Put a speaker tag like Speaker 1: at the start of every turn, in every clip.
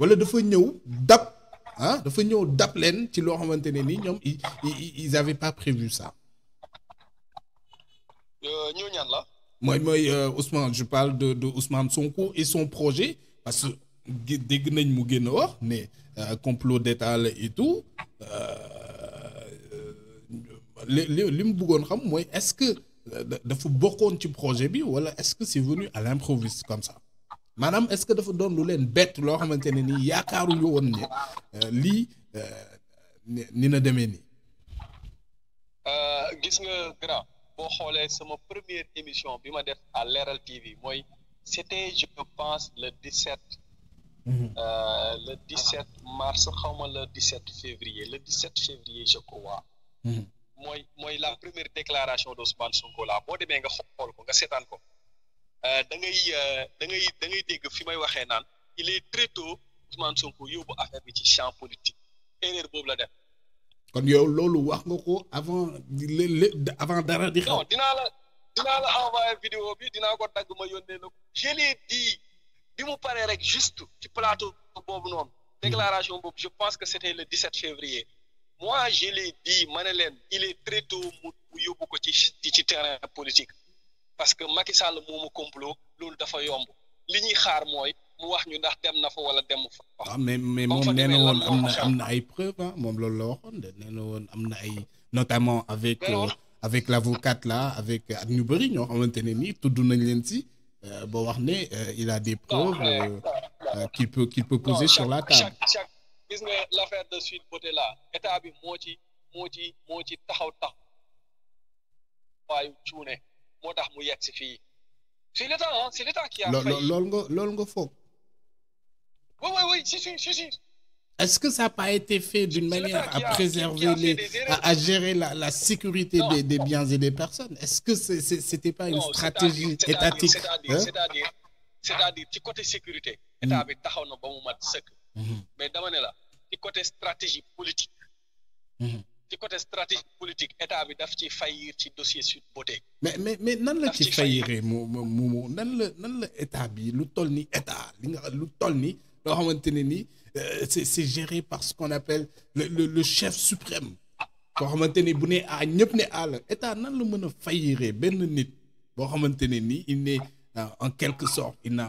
Speaker 1: wala dafa ñëw dab ah dafa ñëw dab leen ci loo xamantene ni ñoom ils avaient pas prévu ça. Euh, ñoo ñaan la. mooy mooy euh, Ousmane je parle de de Ousmane Sonko et son projet parce que dégg nañ mu génn wax ne euh, complot d'État la et tout li li li mu bëggoon xam mooy est-ce que dafa bokkoon ci projet bi wala est-ce que c'est venu à l'improviste comme ça manam est-ce que dafa doon lu leen bett loo xamante ne nii yaakaaruñu woon ne euh, lii euh, ni na demee nii.
Speaker 2: Euh, gis nga grand boo xoolee sama première émission bi ma def à Leral TV mooy c'était je pense le 17. Mhm. le 17 mars xaw ma le 17 février le 17 février je crois. Mhm. mooy mooy la première déclaration d'Ousmane Sonko la boo demee nga xool ko nga seetaan ko. Euh, da ngay euh, da ngay da ngay dégg fi may waxee naan il est très tôt Ousmane Sonko yóbbu affaire bi ci champ politique erreur boobu la def.
Speaker 1: kon yow loolu wax nga ko avant avant dara di. non
Speaker 2: dinaa la dinaa la envoyé vidéo bi dinaa ko dagg ma yónnee la ko. je l'ai dit bi mu paree rek juste ci plateau boobu noonu. déclaration boobu je pense que c'était le 17 février. moi je l'ai dit ma ne leen il est très tôt mu yóbbu ko ci ci terrain politique parce que Macky
Speaker 1: Sall moo complot loolu dafa yomb li
Speaker 2: ñuy xaar mooy mu wax ñu ndax dem na fa wala dem
Speaker 1: fa. ah mais mais moom nee na woon am na am na ay preuves ah moom loolu la waxoon de nee na woon am na ay notamment avec euh, avec l'avocate là avec euh, ak ñu bëri ñoo xamante ne nii tudd nañ leen si euh, ba wax ne il a des preuves qu'il peut qu'il peut poser sur la table. chaque gis nga l'affaire de suite Beauté
Speaker 2: là état bi moo ci moo ci moo ci taxaw tax waayu cuune motax mu c'est l'état hein c'est l'état qui a failli
Speaker 1: loolu nga nga
Speaker 2: oui oui oui si si si si
Speaker 1: Est-ce que ça n'a pas été fait d'une manière à préserver, les, à, gérer la, la sécurité des, des biens et des personnes Est-ce que ce est, n'était pas une stratégie étatique C'est-à-dire,
Speaker 2: hein? c'est-à-dire, du côté sécurité, l'État mm. avait taxaw na ba mm-hmm. Mais dama la, du côté stratégie politique. Mm-hmm ci côté stratégie politique état bi daf ci faillir ci dossier Sweet Beauté.
Speaker 1: mais mais mais nan la ci failliree mu mu mu nan la nan la état bi lu toll ni état li nga lu toll ni loo ni euh, c'est c'est géré par ce qu'on appelle le le chef suprême. koo xamante ni bu nee a ñëpp ne a la état nan la mën a failliree nit boo xamante ni il est euh, en quelque sorte il n'a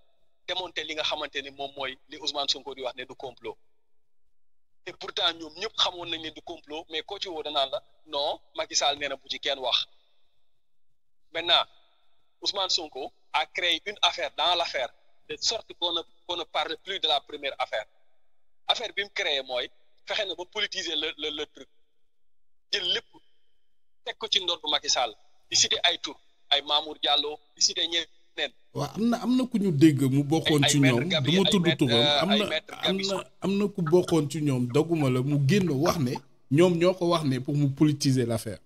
Speaker 2: démonter li nga xamante ni moom mooy li Ousmane Sonko di wax ne du complot et pourtant ñoom ñëpp xamoon nañ ne du complot mais koo ci woo danaan la non Macky Sall nee na bu ci kenn wax maintenant Ousmane Sonko a créé une affaire dans l'affaire de sorte qu'on ne qu'on ne parle plus de la première affaire affaire bi mu créé mooy fexe na ba politiser le le le truc jël lépp teg ko ci ici Macky Sall di cité ay tur ay Mamour Diallo di cité
Speaker 1: ñe waaw am amna ne pour mu politiser l'affaire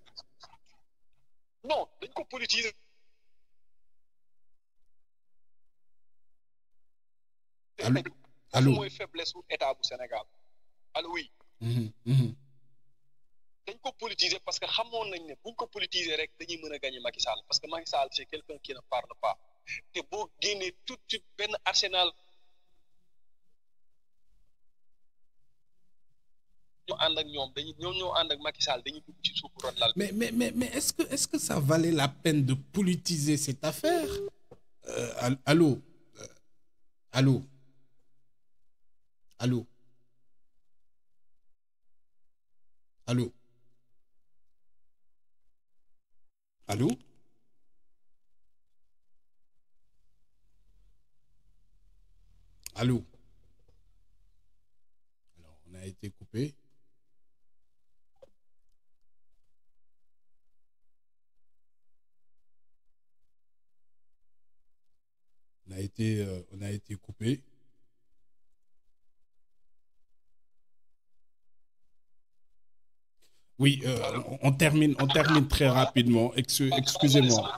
Speaker 2: non dañ ko politiser
Speaker 1: allo allo mooy
Speaker 2: faiblesse état Sénégal oui
Speaker 1: mhm, mhm.
Speaker 2: politiser parce que ne buñ ko politiser rek dañuy parce que c'est quelqu'un qui ne parle pas te bo génnee tout tout ben arsenal ñoo and ak ñoom dañuy ñoo ñoo ak Macky Sall dañuy dugg ci
Speaker 1: suufu ron lal mais mais mais mais est-ce que est-ce que ça valait la peine de politiser cette affaire euh, euh allô allô allô allô allô Allô Alors, on a été coupé. On a été, euh, on a été coupé. Oui, euh, on, termine, on termine très rapidement. Excusez-moi.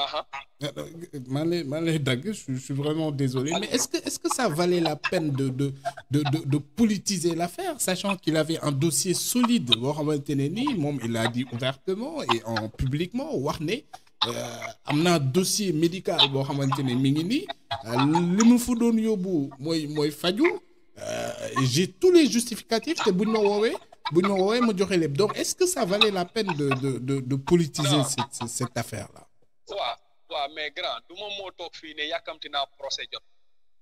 Speaker 1: Uh-huh. Euh, euh, je suis vraiment désolé. Mais est-ce que, est que ça valait la peine de, de, de, de, de politiser l'affaire, sachant qu'il avait un dossier solide Mohamed Teneni, il l'a dit ouvertement et en publiquement, Warné. Euh, amna dossier médical bo xamantene mi ngi ni limu fu doon yobbu moy moy faju j'ai tous les justificatifs te buñ ma wowe buñ wowe ma joxe donc est-ce que ça valait la peine de de de, de politiser cette cette affaire là
Speaker 2: waaw mais grand du moom moo toog fii ne yàkkamti naa procès jot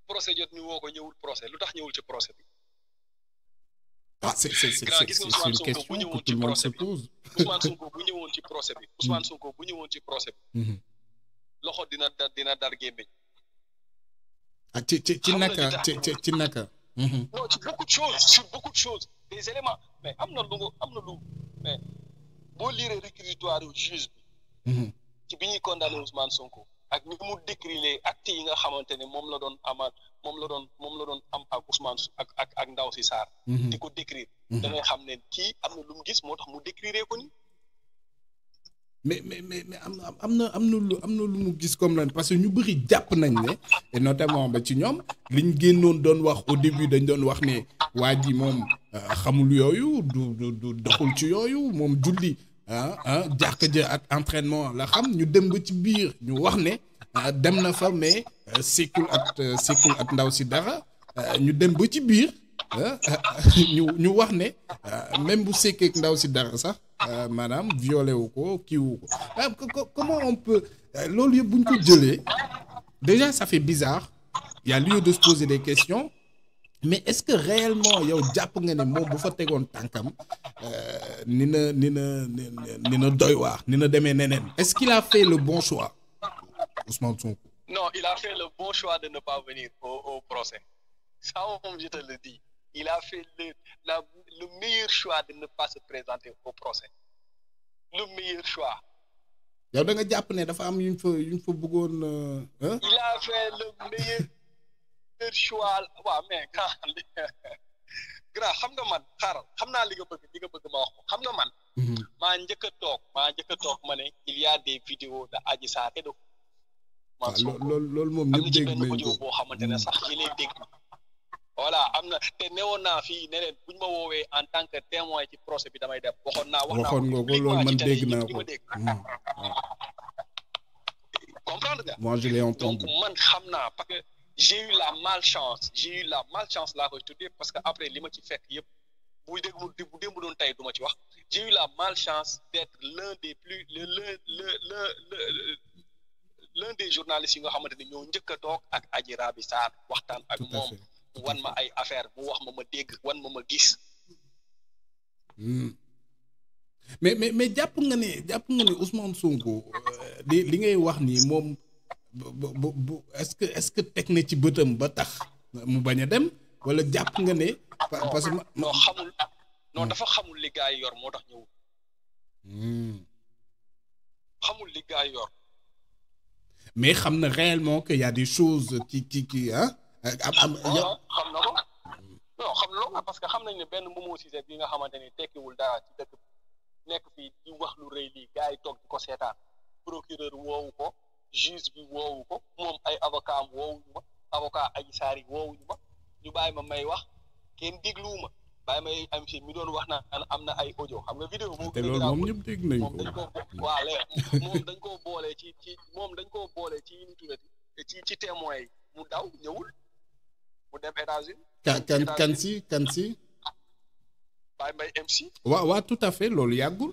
Speaker 2: procès jot ñu woo ko ñëwul procès lu tax ñëwul ci procès bi. ah c'est c'est c'est une question que tout le monde se pose. Ousmane Sonko bu ñëwoon ci procès bi Ousmane Sonko bu ñëwoon ci procès mm-hmm. loxo dina dar dina dar gémmiñ.
Speaker 1: Ah, ci ci ci naka ci ci ci naka. non
Speaker 2: ci sur beaucoup de choses des éléments mais am na lu am na lu mais boo liiree réquisitoire bi. Mm-hmm. ci bi ñuy condamné Ousmane Sonko ak ni mu décrire acte yi nga xamante ne moom la doon amaal moom la doon moom la doon am ak Ousmane ak ak ak Ndaw si saar mhm. di ko décrire. Mhm. da xam ne kii am na lu mu gis moo tax mu ko
Speaker 1: mais mais mais am na am na am na lu am na lu mu gis comme lan parce que ñu bëri jàpp nañ ne et ba ci ñoom liñ génnoon doon wax au début dañ doon wax ne waa ji moom euh, xamul yooyu du du du doxul ci yooyu moom julli. ah ah jàkk ja ak entraînement la xam ñu dem ci biir ñu wax ne ah, dem na fa mais euh, sekkul at euh, sekkul at ndaw si dara euh, ñu dem ba ci biir ñu ñu wax ne même bu sekkeek ndaw si dara sax madame violé wu ko kii wu ko comment on peut lolu buñ ko jëlé déjà ça fait bizarre il y a lieu de se poser des questions mais est-ce que réellement yow jàpp nga ne bu fa tegoon tankam euh, ni nina ni nina ni doy waar ni na demee est-ce qu'il a fait le bon choix Ousmane Sonko
Speaker 2: non il a fait le bon choix de ne pas venir au, au procès ça on je te le dis il a fait le, la, le meilleur choix de ne pas se présenter au procès le meilleur choix
Speaker 1: yow da nga jàpp ne dafa am yuñ fa yuñ fa euh, hein
Speaker 2: il a fait le meilleur leur choix waaw mais grand xam nga man xaaral xam naa li bëgg li nga bëgg ma wax ko xam nga man mhm. maa njëkk a toog maa njëkk toog ma ne il y a des vidéos de Adji Sarr et de
Speaker 1: waaw ah, loolu loolu moom ñëpp dégg ko am na ci benn audio boo xamante ne sax ñi lay dégg voilà am na te newoon naa fii ne buñ bu ñu ma woowee en tant que témoin ci procès bi damay dem waxoon naa wax waxoon nga ko loolu man dégg naa ko mhm. comprendre nga moi je l'ai man xam naa j'ai eu la malchance
Speaker 2: j'ai eu la malchance là retrouver parce qu'après, les li ma j'ai eu la malchance d'être l'un des plus le le l'un des journalistes yi nga xamante ñoo à a ak Adji wan ma ay affaire mu wax ma ma dégg wan ma ma gis
Speaker 1: hmm. mais mais mais japp nga Ousmane Sonko euh, li ngay wax bu bu est-ce que est-ce que teg na ci bëtam ba tax mu bañ a dem wala jàpp nga ne. parce noo non xamul noo hmm. dafa
Speaker 2: xamul li gaa yor moo tax ñëwul. Hmm. xamul li yor.
Speaker 1: mais xam na réellement que y a des choses ci ci ci ah. am xam na ko
Speaker 2: non xam na ko parce que xam nañ ne benn Momo Cissé bi nga xamante ni tekkiwul dara ci dëkk nekk fii di wax lu rëy lii gaa yi toog di ko seetaan procureur woowu ko. juge bi woowu ko moom ay avocat am woowuñu ma avocat Adji Sarr woowuñu ma ñu bàyyi ma may wax kenn dégluwu ma bàyyi may am si mi doon wax na am na ay audio xam nga vidéo ah, loolu
Speaker 1: moom ñëpp dégg nañ ko moom dañ koo
Speaker 2: waaw léegi moom dañ koo boolee ci ci moom dañ koo boolee ci ñu tuddati ci ci témoins yi mu daw ñëwul mu dem États-Unis kan kan kan si
Speaker 1: kan si ah, bàyyi may MC waa waaw tout à fait loolu yàggul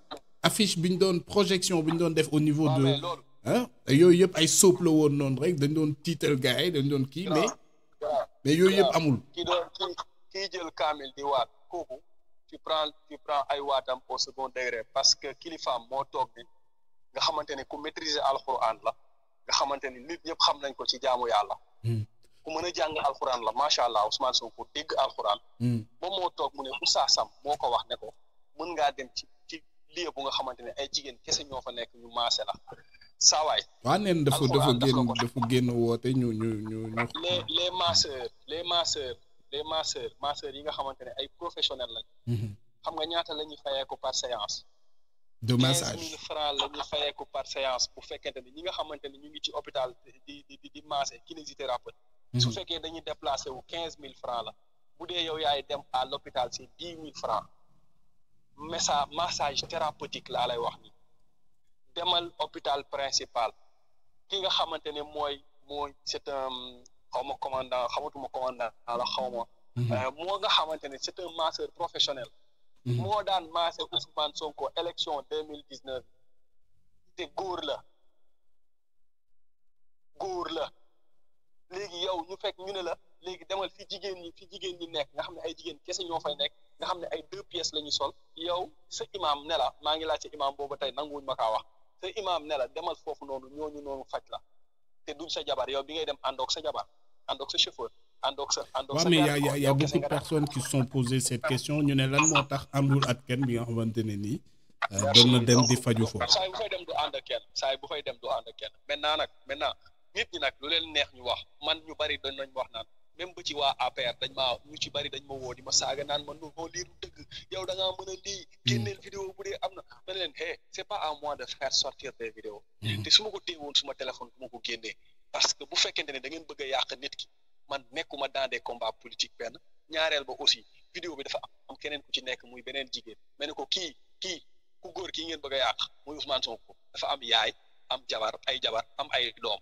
Speaker 1: affiche biñ doon projection biñ doon def au niveau ah, de hein yooyu yëpp ay sóob la woon noonu rek dañ doon title gars yi dañ doon kii mais mais yooyu yëpp amul
Speaker 2: ki doon ki jël kamil di wat koku tu prends tu prends ay watam au second degré parce que kilifa mo tok bi nga xamante ku maîtriser alcorane la nga xamante nit ñëpp xam nañ ko ci jaamu yàlla hmm. ku mën jang alcorane la machallah allah Ousmane Sonko deg alcorane hmm. moom moo toog mu ne Oustaz Sam moo wax ne ko mën nga dem ci lii bu nga xamante ne ay jigéen kese ñoo fa nekk ñu maase la saawaay. waaw neen dafa dafa génn
Speaker 1: dafa génn woote ñu ñu ñu ñu. les
Speaker 2: les masseurs les masseurs les masseurs masseurs yi nga xamante ne ay professionnels lañ. Mhm. xam nga ñaata la ñuy fayee ko par séance.
Speaker 1: de massage mille
Speaker 2: francs la ñuy fayee ko par séance bu fekkente ne ñi nga xamante ne ñu ngi ci hôpital di di di maase kinésithérapeute. su mhm. fekkee dañuy déplacé wu quinze mille francs la bu dee yow yaay dem à l'hôpital c'est dix mille francs. message massage thérapeutique la lay wax ni demal hôpital principal ki nga xamante ne mooy mooy c'est un xaw ma commandant xamatuma commandant la xaw ma mhm. euh, moo nga xamante ne c'est un masseur professionnel mhm. moo daan massé Ousmane Sonko élection deux mille dix neuf te góor la góor la léegi yow ñu fekk ñu ne la léegi demal fi jigéen ñi fi jigéen ñi nekk nga xam ne ay jigéen kese ñoo fay nekk nga xam ne ay deux pièces la ñu sol yow sa imaam ne la maa ngi laaj ci imaam boobu tey nanguwuñ ma kaa wax sa imaam ne la demal foofu noonu ñooñu noonu faj la te duñ sa jabar yow bi ngay dem àndoog sa jabar àndoog sa chauffeur àndoog
Speaker 1: sa àndoog sa. mais y' a y' a y' a beaucoup de personnes qui sont posées cette question ñu ne lan moo tax àndul ak kenn bi nga xamante ne nii. Euh, doon na dem di faju foofu. saa bu fay dem du ànd ak kenn saa bu fay dem du ànd ak kenn maintenant nag maintenant
Speaker 2: nit ñi nag lu leen neex ñu wax man ñu bari doon nañ wax naan. même ba ci waa APR dañ maa ñu ci bari dañ ma woo ma saaga naan ma non lii du dëgg yow da mën a lii hmm. génneel vidéo bu dee am na ma ne leen hey c'est pas à moi de faire sortir des vidéos hmm. te su ma ko téewoon suma téléphone bu ma ko génnee parce que bu fekkente ne da ngeen bëgg a yàq nit ki man nekkuma dans des combats politiques benn ñaareel ba aussi vidéo bi dafa am keneen ku ci nekk muy beneen jigéen ma ne ko kii kii ku góor ki ngeen bëgg a yàq muy Ousmane ko dafa am yaay am jabar ay jabar am ay doom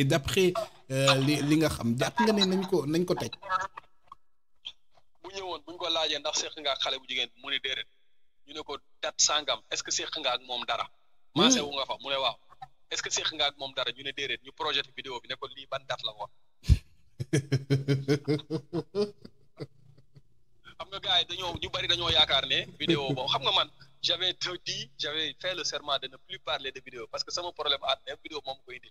Speaker 1: et d'après euh, li li nga xam jàpp nga ne nañ ko nañ ko teg.
Speaker 2: bu ñëwoon bu ñu ko laajee ndax seq nga ak xale bu jigéen mu ne déedéet ñu ne ko date sangam est-ce que seq nga ak moom dara.
Speaker 1: Hmm. maase wu
Speaker 2: nga fa mu ne waaw est-ce que seq nga ak moom dara ñu ne déedéet ñu projet vidéo bi ne ko lii ban date la woon. xam na gars yi dañoo ñu bari dañoo yaakaar ne vidéo boobu xam nga man j'avais tout dit j'avais fait le serment de ne plus parler de vidéo parce que sama problème àdduna vidéo moom koy indi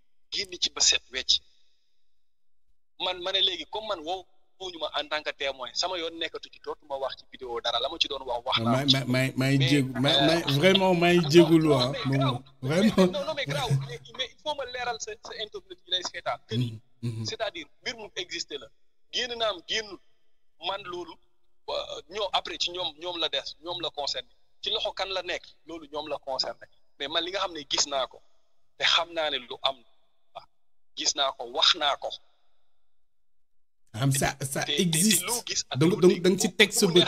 Speaker 2: génn ci ba set wecc
Speaker 1: man ma ne léegi comme man wow ñu en tant que témoin sama yoon nekkatu ci dootuma wax ci vidéo dara la ma ci doon wax wax na ma may may jégu ma euh, may vraiment may jégul waa ah, moom vraiment non non mais grave mais il ma leeral sa
Speaker 2: sa internet yi lay mm-hmm, mm-hmm. c'est-à-dire mbir mu existé la génn naam génnul man loolu ñoo après ci ñoom ñoom la des ñoom la concerné ci loxo kan la nekk loolu ñoom la concerné mais man li nga xam ne gis naa ko te xam naa ne lu am gis naa ko wax naa ko.
Speaker 1: am ça ça existe donc donc da ci texte sa bët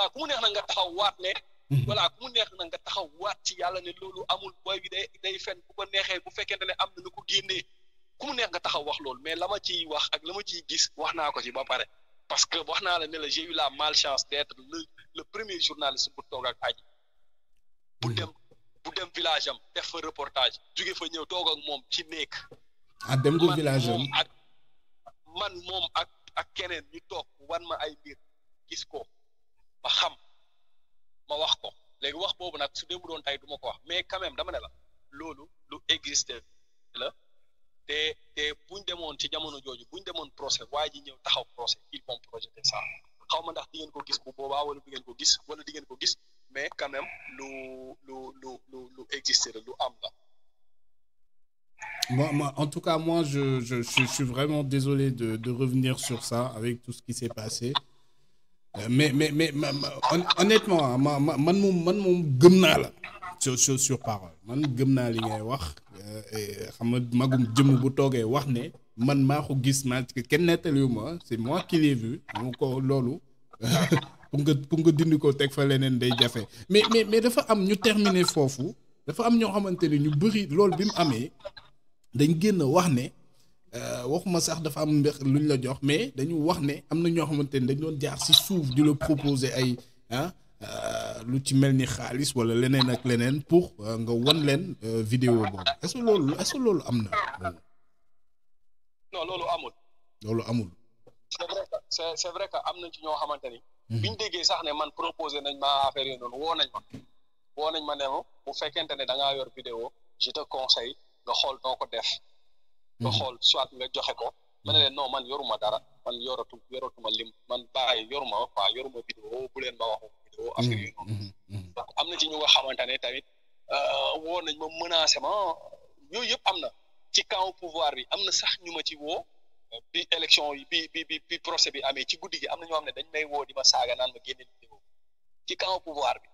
Speaker 2: ah, ku mu neex na nga taxaw waat ne. Mhm. voilà ku mu neex na nga taxaw waat ci yàlla ne loolu amul booy bi day day fen bu ko neexee bu fekkente ne am na nu ko génnee ku mu neex nga taxaw wax loolu mais la ma ciy wax ak la ma ciy gis wax naa ko ci ba pare. parce que wax naa la ne la j'ai eu la malchance d'être le le premier journaliste bu toog ak aji bu mhm. dem bu dem village am def fa reportage jóge fa ñëw toog ak moom ci néeg
Speaker 1: ah dem nga village am
Speaker 2: ak man moom ak ak keneen ñu toog wan ma ay mbir gis ko ma xam ma wax ko léegi wax boobu nag su dee bu doon tey du ma ko wax mais quand dama ne la loolu lu existe la te te buñ demoon ci jamono jooju buñ demoon procès waa ji ñëw taxaw procès ils vont projeter ça xaw ma ndax di ngeen ko gis bu boobaa wala di ngeen ko gis wala di ngeen ko gis mais quand lu
Speaker 1: lu lu lu lu existe la lu am la Moi, moi, en tout cas, moi, je, je, je suis vraiment désolé de, de, revenir sur ça avec tout ce qui s'est passé. Euh, mais, mais, mais honnêtement, hein, man, man, mon gëm la sur sur sur parole man gëm naa li ngay wax euh, xam nga magum jëmm bu toogee wax ne man maa ko gis maa kenn c'est moi qui l'ai vu mu lolu pour que pour que dindi ko teg fa leneen day jafe mais mais mais dafa am ñu terminer foofu dafa am ñoo xamante ni ñu bëri loolu bi mu amee dañ génn wax ne euh, waxuma sax dafa am mbex luñ la jox mais dañu wax ne am na ñoo xamante dañ doon jaar ci suuf di la proposer ay ah euh, lu ci mel ni xaalis walla leneen ak leneen pour euh, nga won leen vidéo boobu est-ce que loolu est-ce que loolu am na. non loolu amul. loolu amul. c'est vrai que
Speaker 2: c'est vrai que am na ci ñoo xamante ni. Mhm. biñ déggee sax ne man proposé nañ ma affaire yi noonu woo nañ ma woo nañ ma ne bu fekkente ne da ngaa yor vidéo je te conseille. nga xool noo ko def nga mhm. xool soit nga joxe ko ma ne leen non man yoruma dara man yoratu yoratuma lim man bàyyi yoruma quoi yoruma vidéo bu leen ma waxu vidéo mhm, affaire yi mhm, am na ci ñu nga xamante ne tamit euh, woo nañ ma menacé ma yooyu yëpp am na ci camp pouvoir bi am na sax ñu ma ci woo bi élection yi bi bi bi bi procès bi amee ci guddi gi am na ñoo xam ne dañ may woo di ma saaga naan ma génne vidéo ci camp pouvoir bi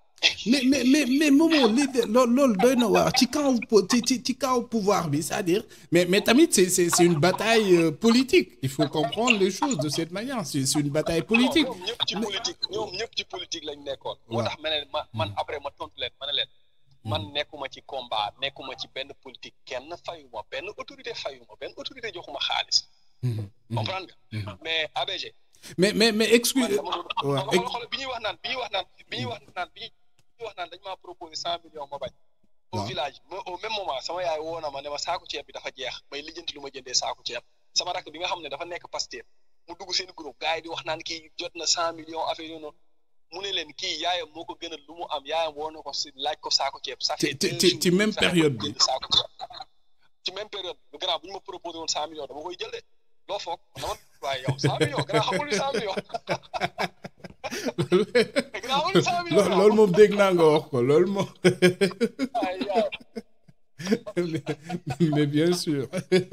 Speaker 1: mais mais mais mais Momo mais, ci kaw ci pouvoir bi c'est-à-dire mais mais tamit c'est c'est c'est une bataille euh, politique il faut comprendre les choses de cette manière c'est c'est une bataille politique. politique ci politique
Speaker 2: lañ mm. man après ma mm. man ci combat ci politique fayuma autorité fayuma autorité joxuma mm-hmm. Mm-hmm. comprendre mm-hmm. mais ABG.
Speaker 1: mais mais mais excuse. Euh,
Speaker 2: ñuy wax naan dañ maa proposé cent millions ma bañ. au même moment sama yaay woo na ma ne ma saako ceeb bi dafa jeex may lijjanti lu ma jëndee saako ceeb sama rakk bi nga xam ne dafa nekk Pastef mu dugg seen groupe gars yi di wax naan kii jot na cent millions affaire yooyu noonu mu ne leen kii yaayam moo ko gënal lu mu am yaayam woo na ko si laaj ko saako ceeb.
Speaker 1: ça fait ci ci même période bi ci même période bi grand bu ñu ma proposé woon cent millions dama koy jël loo foog dama waaye yow cent millions grand xamul cent millions. loolu moom dégg naa nga wax ko loolu moom mais bien sûr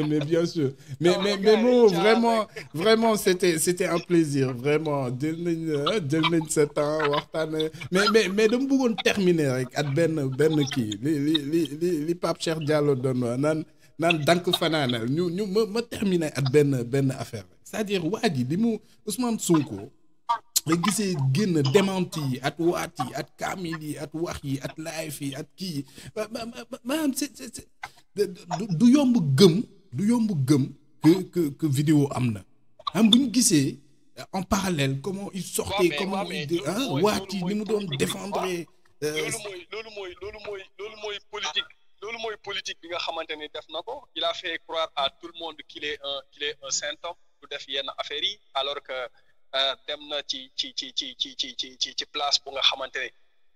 Speaker 1: mais bien sûr mais mais mais non vraiment vraiment c'était c'était un plaisir vraiment deux mille jël nañ sa temps waxtaanee mais mais mais dama bëggoon terminer rek at benn benn kii li li li li li Pape Cheikh Diallo doon wax naan naan dank fanaanal ñu ñu ma ma terminer at benn benn affaire c'est-à-dire waa ji li mu Ousmane Sonko ba gisee génn démenti yi at waat yi at kaamil yi at wax yi at live yi at kii yi maanaam c'est c'est du yomb gëm du yomb gëm que que que vidéo am na am bu ñu gisee euh, en parallèle comment il sortait comment il hein, waat yi ni mu doon défendre euh, loolu mooy loolu mooy loolu mooy loolu mooy politique loolu mooy
Speaker 2: politique bi nga xamante ne def na ko il a fait croire à tout le monde qu'il est un qu'il est un saint homme du def yenn affaire yi alors que Euh, dem na ci ci ci ci ci ci ci ci place bu nga xamante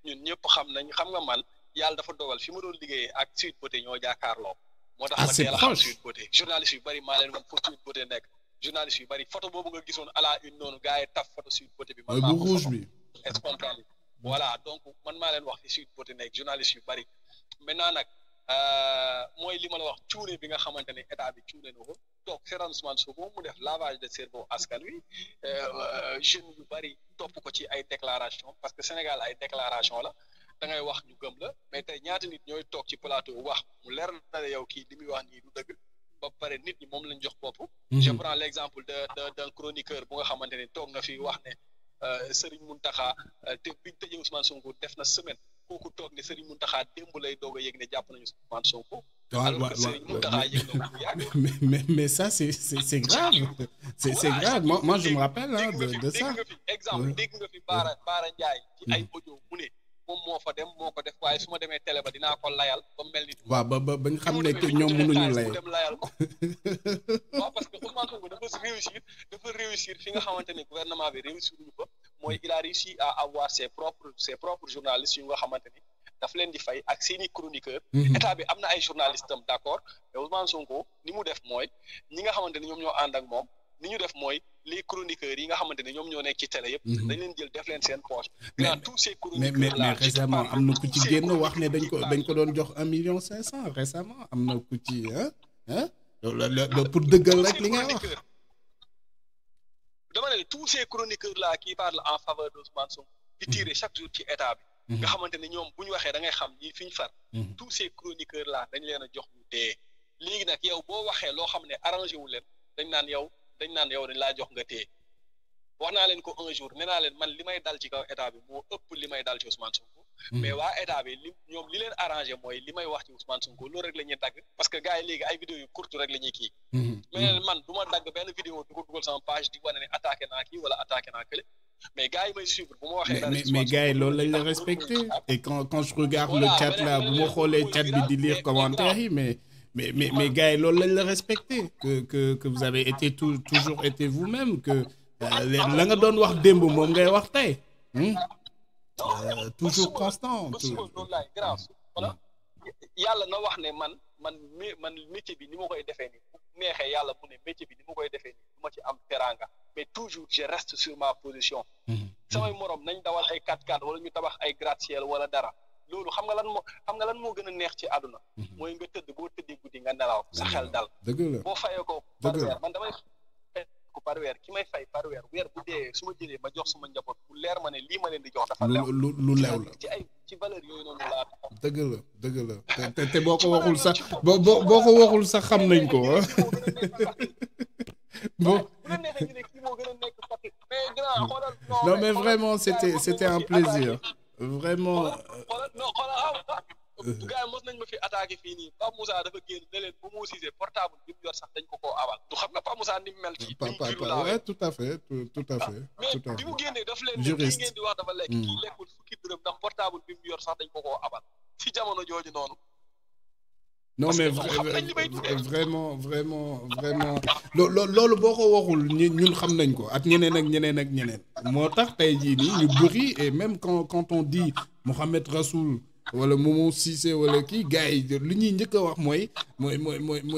Speaker 2: ne ñun ñëpp xam nañ xam nga man yàlla dafa dogal fi ma doon liggéeyee ak Sweet Beauté ñoo jàkkaarloo. moo tax ah, ma teel a xam Sweet Beauté journaliste yu bëri maa leen moom fu Sweet Beauté nekk journaliste yu bëri photo boobu nga gisoon à la une yi taf photo Sweet Beauté bi. man maa ko voilà donc man maa leen wax fi Sweet nekk journaliste yu bëri maintenant nag euh, mooy li ma la wax cuune bi nga xamante ne état bi cuune na ko. toog feral Ousmane Sonko mu def lavage de cerveau askan wi euh, euh, jeunes yu bari top ko ci ay déclaration parce que Sénégal ay déclaration la da ngay wax ñu gëm la mais tey ñaata nit ñoy tok ci plateau wax mu leer na yow ki limi wax ni du dëgg ba paré nit ñi mom lañ jox bopp mhm. je prends l'exemple de d'un chroniqueur bu nga xamante tok toog na fi wax ne euh, Serigne Mountakha té biñ tëjee Ousmane Sonko def na semaine koku tok né Serigne Mountakha demb lay doog a yëg ne nañu Ousmane Sonko
Speaker 1: mais, ça, c'est grave. C'est grave. Moi, je me rappelle hein, de, ça. Exemple,
Speaker 2: il a réussi à avoir ses propres daf leen di fay ak seen i chroniqueur mhm. état bi am na ay journalistes am d' accord mais Ousmane Sonko ni mu def mooy ñi nga xamante ne ñoom ñoo ànd ak moom ni ñu def mooy les chroniqueurs
Speaker 1: yi nga xamante ne ñoom ñoo nekk ci télé yëpp mhm. dañ leen jël def leen seen poche mais tous ces chroniqueurs là mais récemment am na ku ci génn wax ne dañ ko dañ ko doon jox un million cinq cent récemment am na ku ci hein ah pour dëggal rek li nga wax dama ne tous ces chroniqueurs là qui parlent
Speaker 2: en faveur d'Ousmane Sonko di mhm. tirer chaque jour ci état bi nga mhm. xamante ne ñoom bu ñu waxee da ngay xam ñi fi ñu far. Mhm. tous ces chroniqueurs là dañ leen a jox ñu téye nag yow boo waxee loo xam ne arrangé wu leen dañ naan yow dañ naan yow dañ laa jox nga téye wax naa leen ko un jour nee leen man li may dal ci kaw état bi moo ëpp li may dal ci Ousmane Sonko. Mhm. mais waa état bi li ñoom li leen arrangé mooy li may wax ci Ousmane Sonko loolu rek la ñuy parce que gars yi léegi ay vidéo yu courte rek la ñuy
Speaker 1: man du ma dagg benn vidéo du ko dugal sama page di wane ne attaqué naa kii wala attaqué naa kële mais gars gars respecté. et quand quand je regarde le chat là vous chat bi lire commentaire mais. mais mais mais gars respecté que que vous avez été toujours été vous-même que toujours constant.
Speaker 2: du ma ci am teraanga mais toujours je reste sur ma position mhm. samay morom nañ dawal ay 4x4 wala ñu tabax ay gratte wala dara loolu xam nga lan moo xam nga lan a neex ci àdduna mhm. mooy nga tëdd boo tëddee guddi nga nelaw sa xel dal boo fayee ko
Speaker 1: par weer man damay ki may fay par weer weer bu dee su ma jëlee ba jox suma njaboot bu leer ma ne lii ma leen di jox dafa leew lu leew la ci ay ci valeur yooyu noonu laa dëgg la dëgg la te te boo ko waxul sax boo ko waxul sax xam nañ ko bon. non, mais vraiment, c'était, c'était un plaisir. Vraiment. tout à fait tout à ah, fait. Non, mais hein. vraiment, vraiment, vraiment. loolu le ko waxul ñun xam ko ak ñeneen ak ñeneen et même quand quand on dit Mohamed Rasoul wala moment si c'est voilà wax moi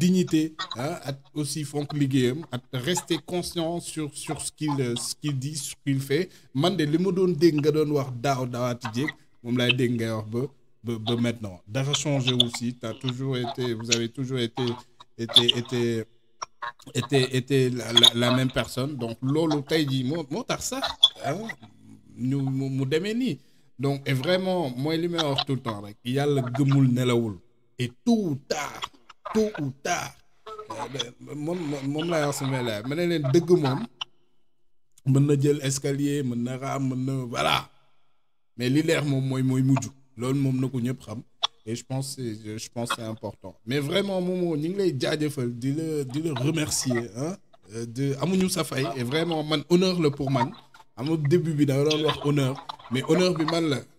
Speaker 1: dignité hein aussi fonk rester conscient sur sur ce qu'il ce qu'il dit ce qu'il fait man maintenant. D'avoir changé aussi, as toujours été, vous avez toujours été, été, été, été, été la, même personne. Donc, ça, hein, nous, nous, Donc, et vraiment, moi, il tout le temps, il y a le Et tout ou tard, tout ou tard, voilà mais li mom et je pense je pense c'est important mais vraiment Momo ñu il lay jaajëfal di la remercier hein de amuñu sa fay et vraiment man honneur le pour man début bi honneur mais honneur bi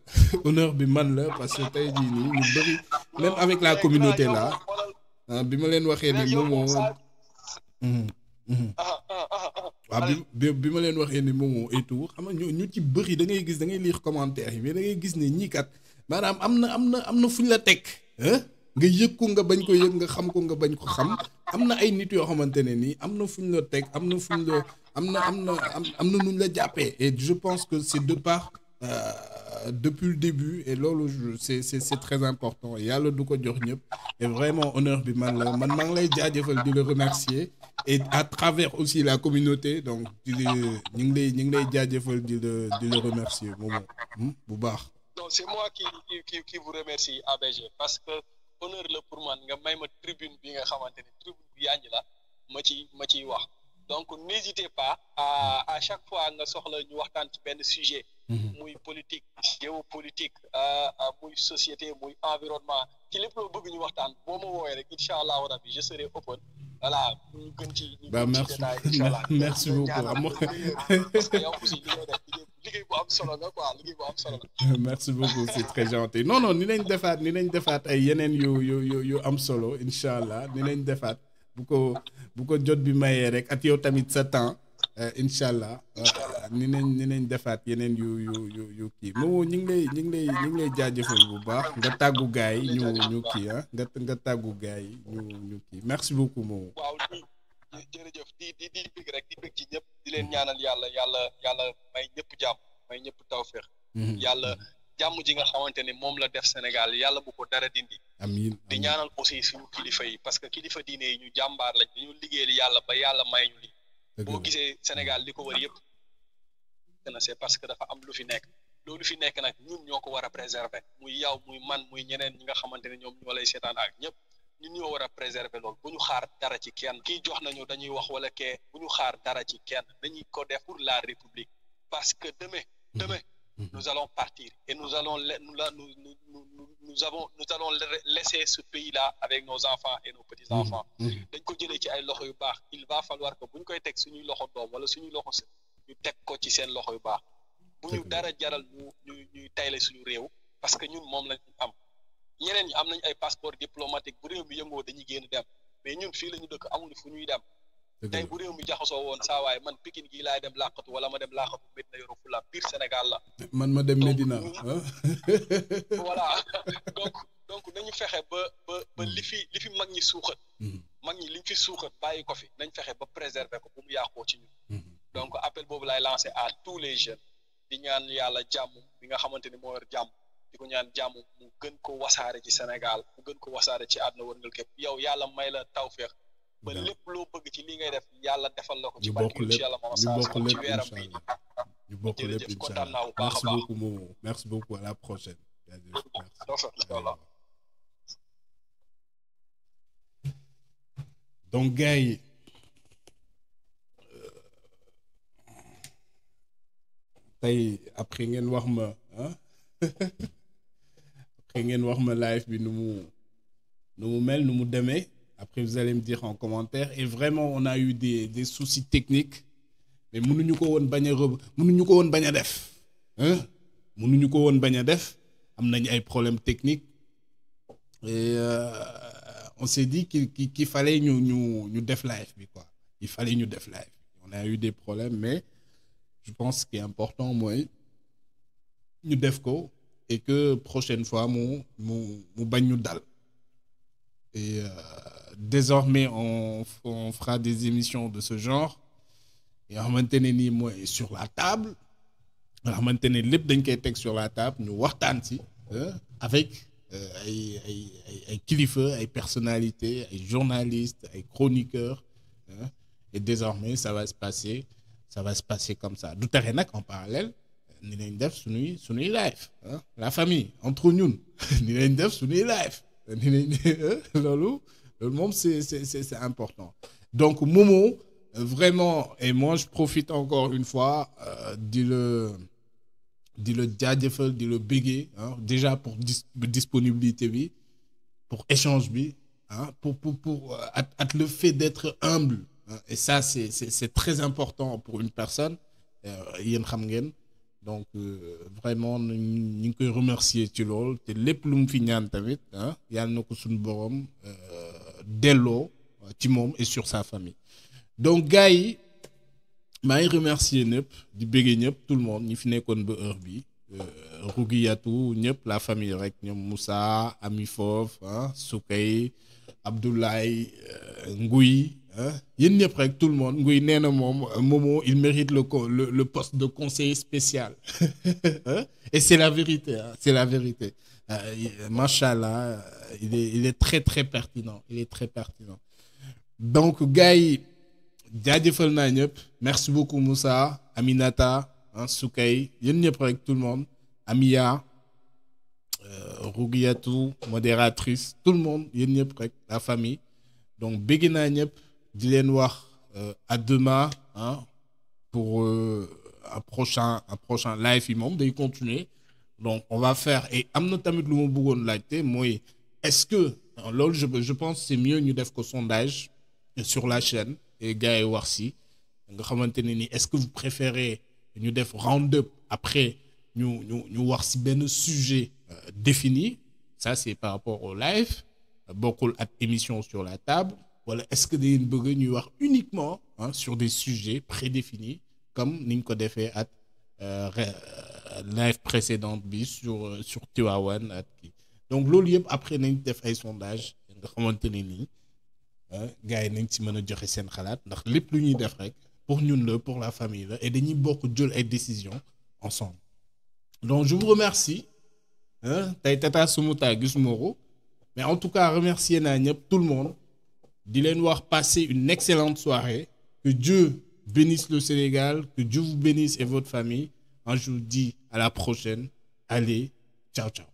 Speaker 1: honneur parce que même avec la communauté là ni Momo et tout ñu lire commentaire mais maanaam am na am na am na fu la teg hein? nga yëg ko nga bañ ko yëg nga xam ko nga bañ ko xam am na ay nit yoo xamante ne nii am na fu la teg am na fu la am na am na am na nu la jàppee et je pense que c'est de part Euh, depuis le début et loolu c'est c'est très important yàlla du ko jox ñëpp et vraiment honneur bi man la man maa ngi lay jaajëfal di le remercier et à travers aussi la communauté donc di ñu ngi lay ñu ngi lay jaajëfal di le di le remercier moom hmm, bu baax non c'est moi qui qui qui vous remercie ABG parce
Speaker 2: que honneur le pour man nga may ma tribune bi nga xamanteni tribune bi yaañ la ma ci ma ci wax donc n'hésitez pas à à chaque fois nga soxla ñu waxtan ci ben sujet mhm. muy politique géopolitique euh, euh, muy société muy environnement ci lépp lo bëgg ñu waxtan boo ma woowee
Speaker 1: rek inshallah allahu rabbi je serai open voilà bah, merci merci beaucoup merci beaucoup c'est très gentil non non ni nañ defaat ni nañ defaat ay yenen yu yu yu am solo inshallah ni nañ defaat bu ko bu ko jot bi tamit sa temps euh, ni nañ ni nañ defaat yeneen yu yu yu yu kii moomu ñu ngi lay ñu ngi lay ñu ngi lay jaajëfal bu baax nga tàggu gaay yi ñu ñu kii ah nga nga tàggu yi merci beaucoup moomu waaw di jërëjëf di
Speaker 2: di di bëgg rek di ci ñëpp di leen ñaanal yàlla yàlla yàlla may ñëpp jàmm may ñëpp tawféex mm-hmm. yàlla jàmm ji nga xamante ni moom la def Sénégal yàlla bu ko dara dindi amiin di ñaanal aussi suñu kilifa yi parce que kilifa diine yi ñu jàmbaar rek dañu liggéeyal yàlla ba yàlla may ñu li boo gisee Sénégal li ko wër yëpp na c'est parce que dafa am lu fi nekk loolu fi nekk nag ñun ñoo ko war a préserver muy yow muy man muy ñeneen ñi nga xamante ne ñoom ñoo lay seetaan ak ñëpp ñun ñoo war a préserver loolu bu ñu xaar dara ci kenn kii jox nañu dañuy wax wala kee bu ñu xaar dara ci kenn dañuy ko def pour la république parce que demain demain mhm. Mhm. nous allons partir et nous allons nous, nous, nous, nous, avons, nous allons laisser ce pays-là avec nos enfants et nos petits-enfants. Mhm. dañ ko ci ay loxo yu Il va falloir que koy loxo doom wala nous loxo ñu teg ko ci seen loxo yu baax bu ñu dara jaral ñu ñu ñuy suñu réew parce que ñun moom lañ am ñeneen ñi am nañ ay passeport diplomatique bu réew mi yëngoo dañuy génn dem mais ñun fii la ñu dëkk amuñu fu ñuy dem tey bu réew mi jaxasoo woon saa waay man Pikine gi laay dem làqatu wala ma dem làqatu Medina Yoro Fula biir Sénégal la
Speaker 1: man ma dem Medina ah. voilà donc donc nañu fexe ba ba ba hmm. li fi li fi mag ñi suuxat hmm. mag
Speaker 2: ñi liñ fi suuxat bàyyi ko fi nañ fexe ba préserver ko yàqoo ci donc appel bobu lay lancé à tous les jeunes di ñaan yàlla jàmm bi nga xamante ni moo yor jàmm di ko ñaan jàmm mu gën ko wasaare ci Sénégal mu gën ko wasaare ci àdduna wërngal képp yow yàlla may la tawféex
Speaker 1: ba lépp loo bëgg ci li ngay def yàlla defal la ko ci barke ci yàlla moom saa ci weeram ñu bokk lépp kontaan naa merci beaucoup Momo merci beaucoup à la prochaine donc gars yi tey après ngeen wax ma hein, après ngeen wax ma live bi nu mu nu mu mel nu mu demee après vous allez me dire en commentaire et vraiment on a eu des des soucis techniques mais mënuñu ko woon bañ a rëb mënuñu ko woon bañ a def hein mënuñu ko woon bañ a def am nañu ay problèmes techniques et euh, on s'est dit qu'il qu'il fallait ñu ñu ñu def live bi quoi il fallait ñu def live on a eu des problèmes mais je pense qu'il est important moi, nous devons et que prochaine fois nous devons et euh, désormais on on fera des émissions de ce genre et on va ni sur la table on va les sur la table nous hein, avec euh, ay ay et personnalités ay journalistes ay chroniqueurs hein. et désormais ça va se passer ça va se passer comme ça du tere en parallèle ni lañ def suñuy suñuy live hein. la famille entre nous, ni lañ def suñuy live ni lañ loolu loolu c'est c'est c'est important donc Momo vraiment et moi je profite encore une fois euh, du le di le jaajëfal di le hein, déjà pour disponibilité bi pour échange bi hein, pour pour pour euh, at at le fait d'être humble et ça, c'est très important pour une personne. Yen euh, xam donc euh, vraiment nous ngi remercier ci C'est te lépp lu mu fi ñaan tamit ah borom euh, et sur sa famille. donc Gaï, je remercier ñëpp di tout le monde ñi fi nekkoon ba heure bi la famille avec Moussa Ami Fof hein, Soukay Abdoulaye Ngui n'y hein? pas rek tout le monde euh, Momo il mérite le poste de conseiller spécial hein? et c'est la vérité hein, c'est la vérité euh, euh, il est très très pertinent il est très pertinent donc Guy, merci beaucoup Moussa Aminata hein, n'y tout le monde Amia euh, modératrice tout le monde la famille donc bëgg di noir wax euh, à demain hein, pour euh, un prochain un prochain live Il moom continuer donc on va faire et am na tamit lu ma est-ce que l'ol je je pense c'est mieux ñu def ko sondage sur la chaîne et gars yi wax si est-ce que vous préférez ñu def round-up après ñu ñu ñu wax si sujet euh, défini ça c'est par rapport au live beaucoup d'émissions sur la table wala est-ce que dañu bëgg ñuy wax uniquement hein, sur des sujets prédéfinis comme ni ñu ko defee at euh, euh, live précédente bi sur euh, sur Tivaouane donc lolu yeb après nañ def ay sondage nga xamante ni nii hein, gars yi nañ ci mën joxe sen xalaat ndax lepp lu ñuy def rek pour ñun le pour la famille et dañuy bokk jël ay décisions ensemble donc je vous remercie hein, tay tata sumuta gis moro mais en tout cas remercier naa tout le monde Dylan noir, passez une excellente soirée que Dieu bénisse le Sénégal que Dieu vous bénisse et votre famille Je vous dis à la prochaine allez ciao ciao